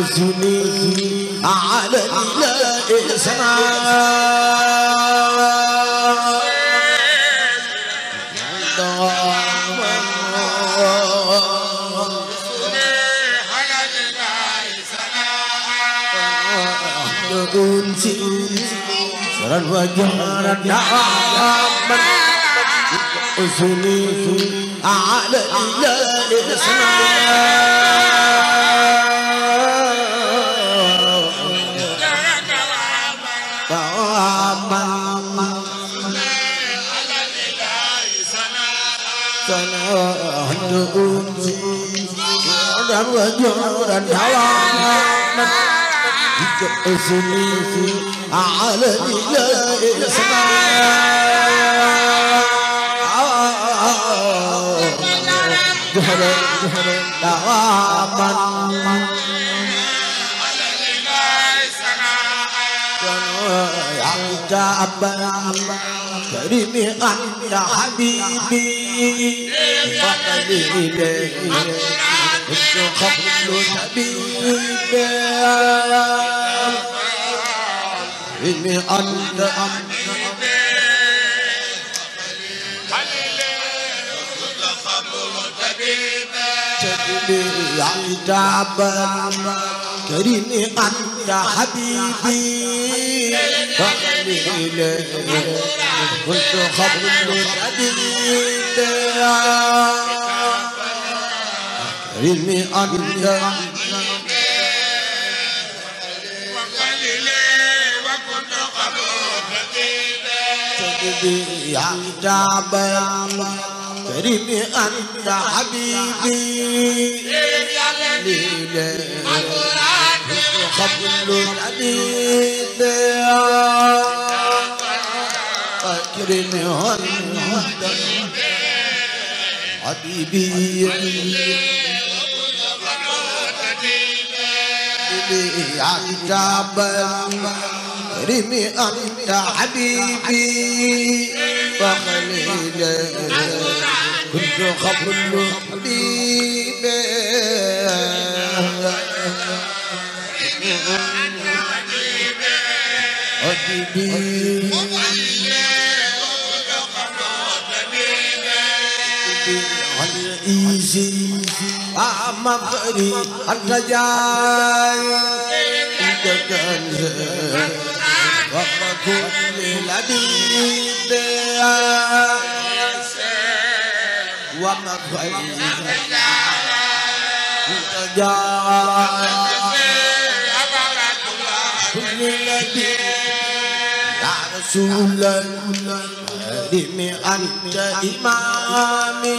على الإسلام أنتي سر الوجهر دعما أزني على الإسلام تؤمسي عذرا وجورا حراما اسمي في عالم لا اسماء جهلا جهلا دواما يا عبد كريم انت حبيبي عني فقد إليه قبل تبيبا إني أنت أنت عتابا كريم أنت حبيبي فقليل كنت خبر حبيبي علمي أبدا يا جابر كريم أنت حبيبي ليلة قبل العبيد أكرمهن حبيبي أنت رمي أنت حبيبي وخليل كنت خبر حبيبي حبيبي مغري الرجاي وكل لبيب ومغري كل لبيب يا رسول الله أنت إمامي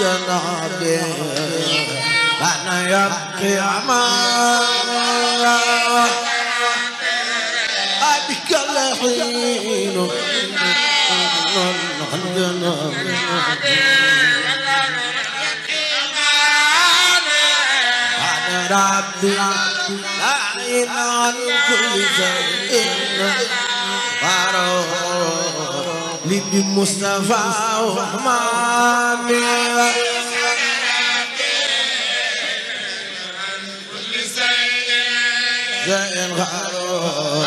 جنابي أنا يبقي أمامي بك الحين عندنا ربي لا عين عن كل شيء لدي مصطفى وحمامي زين غارو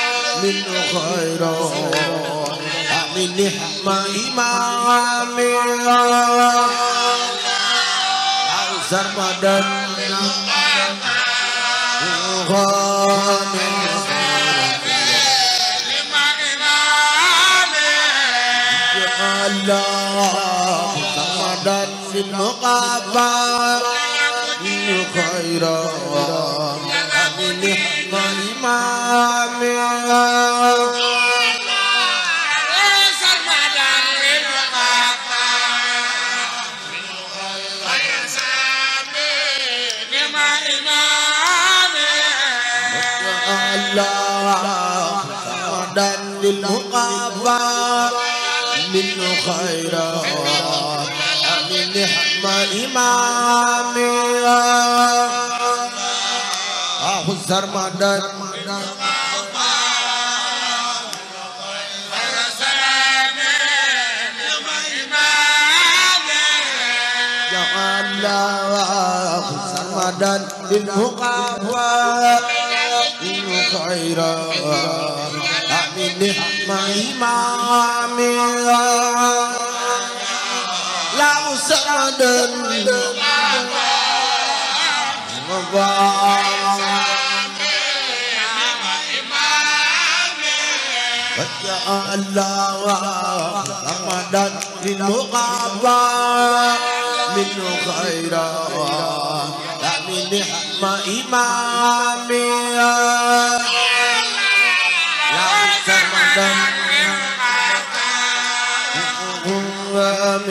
من خيرا من نعمة إمام سرمدا غامر الله سرمدا للمقابر خيرا من نعمة خيرا من نعم إمامي الله سرمدا الله سرمدا للفقهاء خيرا آمين نعم لا سرمدا للفقهاء يا الله رمضان للمغابة منه خيرا لا من نعمة إمامي يا رمضان من الله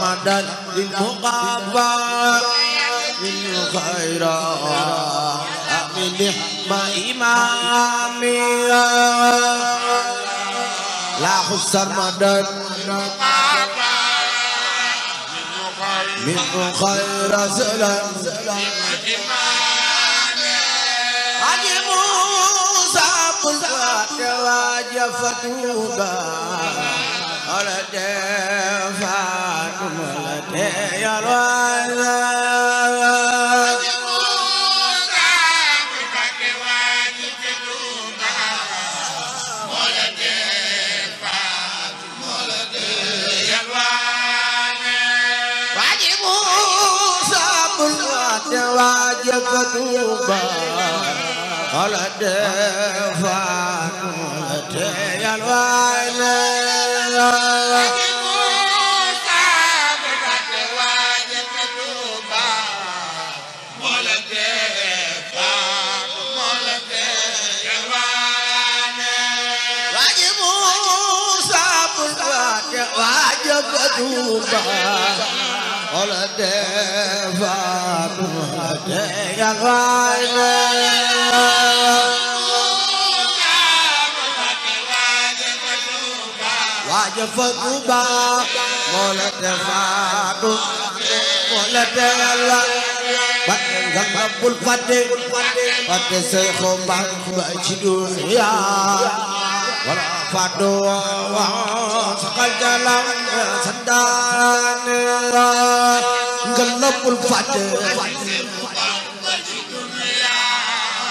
رمضان للمغابة من خيرا من نعم إمامي لا خسر مدد من خير زلم حاجي موسى قصات وجفتوبا ولا تفاتم ولا تيالوان وطيبا على دفان تي الوالي Tuba. ولا دفعت هدايا الغايب فضبا مولد فادو مولد الله بدن رب الفد فد شيخ بحر بجدو يا ولا fado wa sakal jalam sandan galabul fat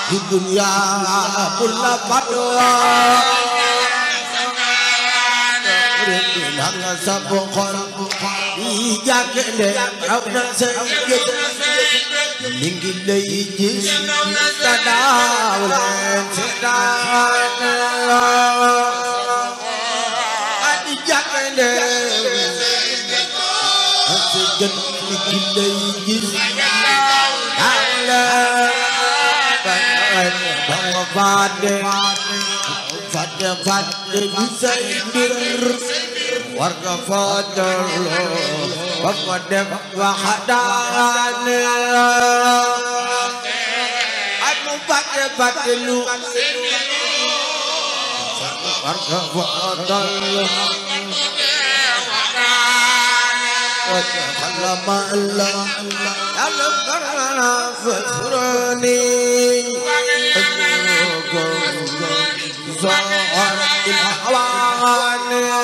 di dunia pula fado Hang sabon kon ijak de raw na seyit mi ngi lay gis tadaaw leen seetaan fàtte fàtte fàtte bi say mbir war nga fàttaloo ba ma dem waxtaane ay mu fàtte fàtte lu war nga fàttaloo وتخلف الله يا القرآن فاذكروني زهر الحوان يا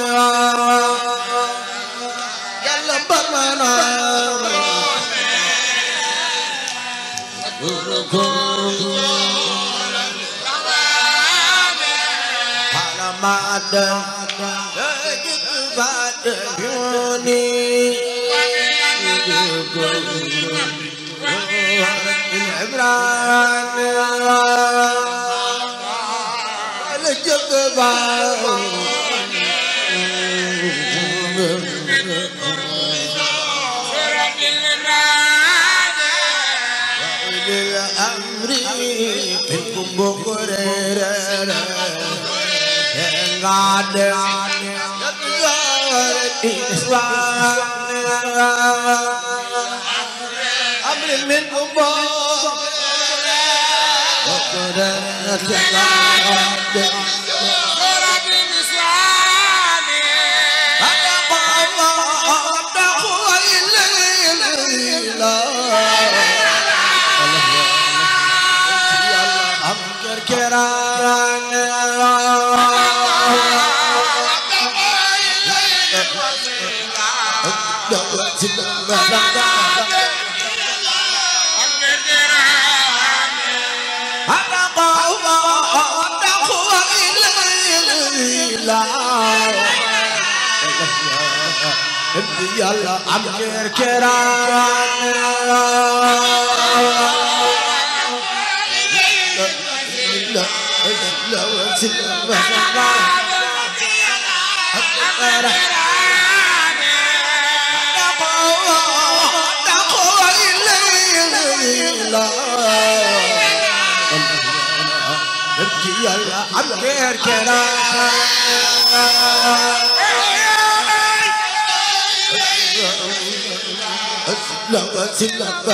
القرآن على ما أدى تجد بعد عيوني Islam من منكم وقدرت العبد Blah, blah, blah. yàlla am keer keeraan يلا عبر كلامك Bakal semana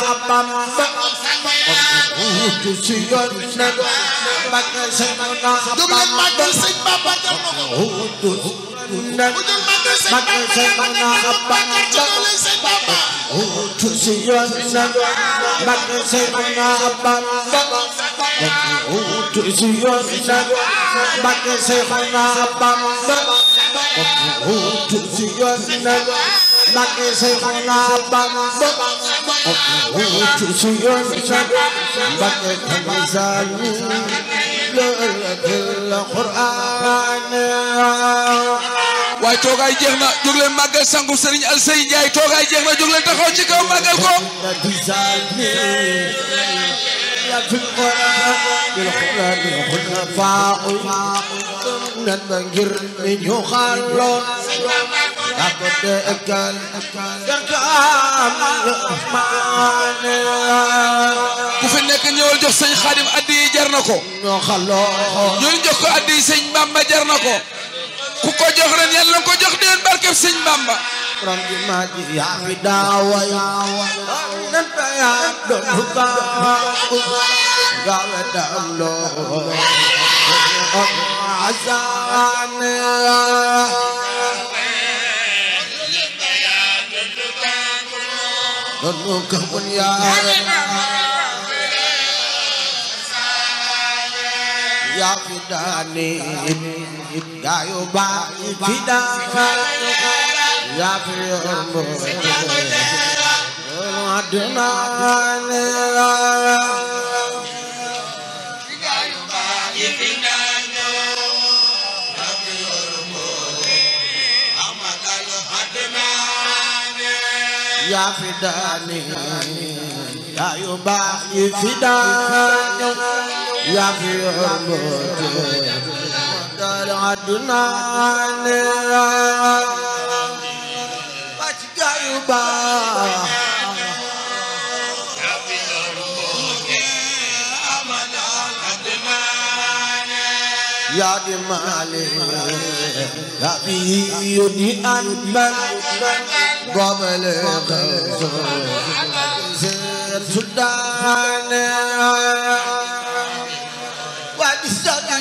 abang Utu siyon san Mak Seydina Bamba Utu siyon san Mak Seydina Bamba Utu siyon san Mak Seydina Bamba Utu siyon san Mak Seydina Bamba Utu siyon san waaye toogaay jeex na jóg leen màggal sangu Serigne Alsey Ndiaye toogaay jeex na jóg leen ci kaw màggal ko nan ba ngir ni ñu xaloon ak na ko ñu xaloon addi sëñ Bamba jar na ko ku ko jox ren yàlla na ko jox déwén barkeb sëñ Bamba ron gi maa ji yaa fi daawa nan ta yaa doon lu gaaw gaaw daam loo asaane doon lu gaaw yaa fi daane gaa yu baax yi fi daan yaa fi yor mbooloo yaa fi daane yaa fi daan yaa fi ëmbëtee dara àdduna ne ba ci gaayu baax yaa di maale yaa fi yu di an ban gobele xëy na seer sudaane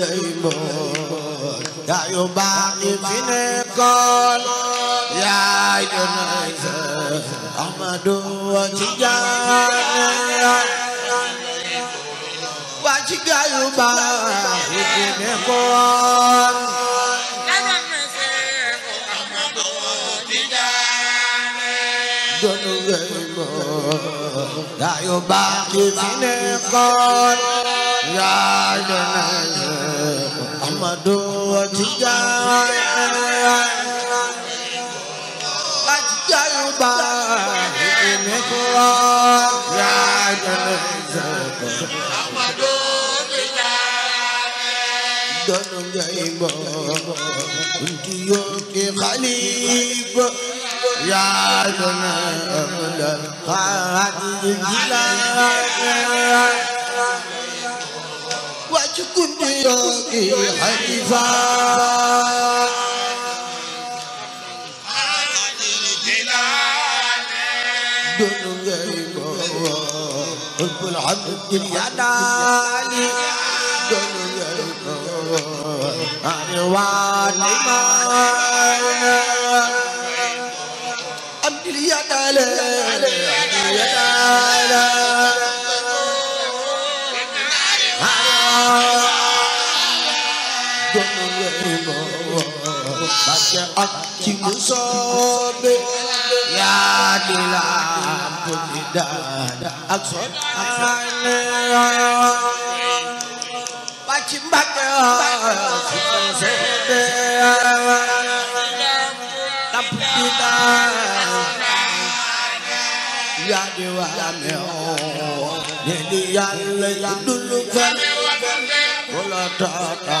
jay mboor yaa yu baax ñi fi nekkoon yaa yu nay sa Ahmadu wa ci jaane wa ci gaa yu baax ñi fi nekkoon doonu gay mboor yaa yu baax ñi fi nekkoon yaa yu nay أحمد وتجاه أجل باهي نكرات يا جنزة أحمد وتجاه دون جايبا كنت يوكي خليفة يا جنزة أملا قاعد جلال كنياكي حنيفا دون غيبة رب العبد اليدالي دون غيبة أعوان إيمان عبد اليدالي عبد اليدالي barke ak ci musoobe yaa di lamp di daan ak sot ba ci Mbàkke ci musoobe lamp di daan yaa di waame oo ne di yàlla dulu fan wala tata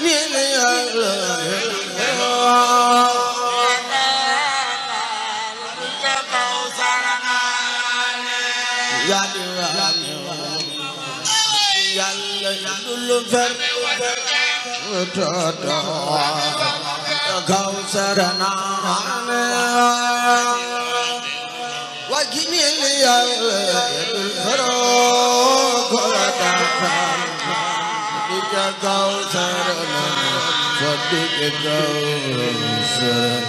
Wow. فضلك كوثرنا فضلك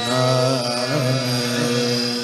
كوثرنا